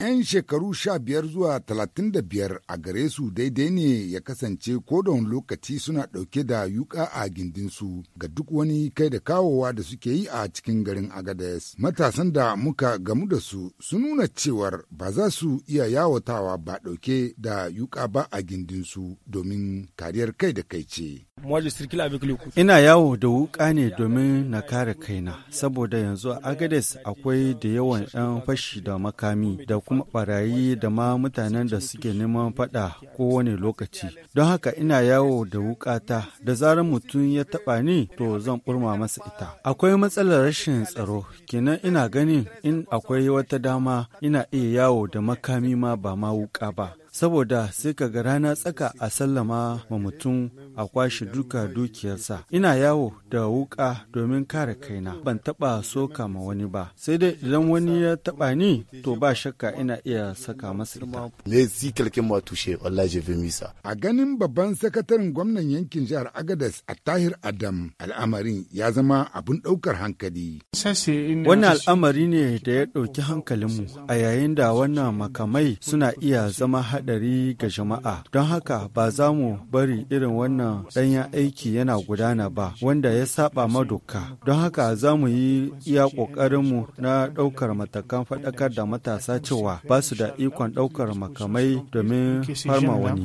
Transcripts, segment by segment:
'Yan shekaru sha biyar zuwa talatin da biyar a gare su daidai ne ya kasance ko da wani lokaci suna ɗauke da yuka a gindinsu ga duk wani kai da kawowa da suke yi a cikin garin Agades. Matasan da muka gamu da su su nuna cewar ba za su iya yawatawa ba ɗauke da yuka ba a gindinsu domin kariyar kai da kai ce. Ina yawo da wuka ne domin na kare kaina, saboda yanzu a Agades akwai da yawan 'yan fashi da makami da kuma barayi da ma mutanen da suke neman fada kowane lokaci. Don haka ina yawo da wuƙata da zarar mutum ya taɓa ni to zan ɓurma masa ita. Akwai matsalar rashin tsaro, kenan ina ganin in akwai wata dama ina iya yawo da makami ma ba ma wuƙa ba. saboda sai ka ga rana tsaka a sallama ma mutum a kwashe duka dukiyarsa ina yawo da wuka domin kare kaina ban taba soka ma wani ba sai dai idan wani ya taba ni to ba shakka ina iya saka masa ita a ganin babban sakataren gwamnan yankin jihar agadas a tahir adam al'amarin ya zama abun daukar hankali wani al'amari ne da ya ɗauki hankalinmu a yayin da wannan makamai suna iya zama haɗari ga jama'a don haka ba za mu bari irin wannan wannan ɗanyen aiki yana gudana ba wanda ya saba ma Don haka za mu yi iya mu na ɗaukar matakan faɗakar da matasa cewa ba su da ikon ɗaukar makamai domin farma wani.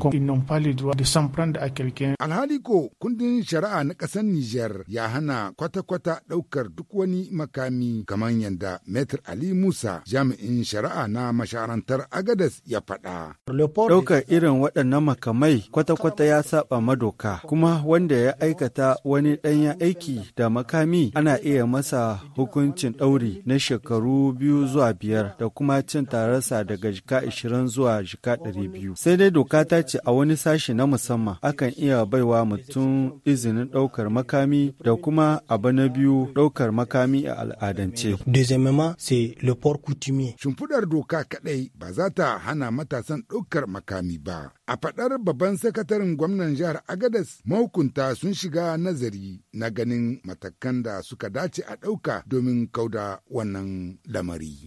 Alhali ko kundin shari'a na ƙasar Nijar ya hana kwata-kwata ɗaukar duk wani makami kamar yadda Metr Ali Musa jami'in shari'a na masharantar Agadas ya faɗa. Ɗaukar irin waɗannan makamai kwata-kwata ya saba madoka kuma wanda ya aikata wani ɗanya aiki da makami ana iya masa hukuncin ɗauri na shekaru biyu zuwa biyar da kuma cin tararsa daga jika ashirin zuwa jika ɗari biyu. Sai dai doka ta ce a wani sashi na musamman akan iya baiwa mutum izinin ɗaukar makami da kuma abu na biyu ɗaukar makami a al'adance. Deuxièmement, Shimfiɗar doka kaɗai ba za ta hana matasan ɗaukar makami ba. A faɗar babban sakataren gwamnan jihar agada tilas mahukunta sun shiga nazari na ganin matakan da suka dace a ɗauka domin kauda wannan lamari.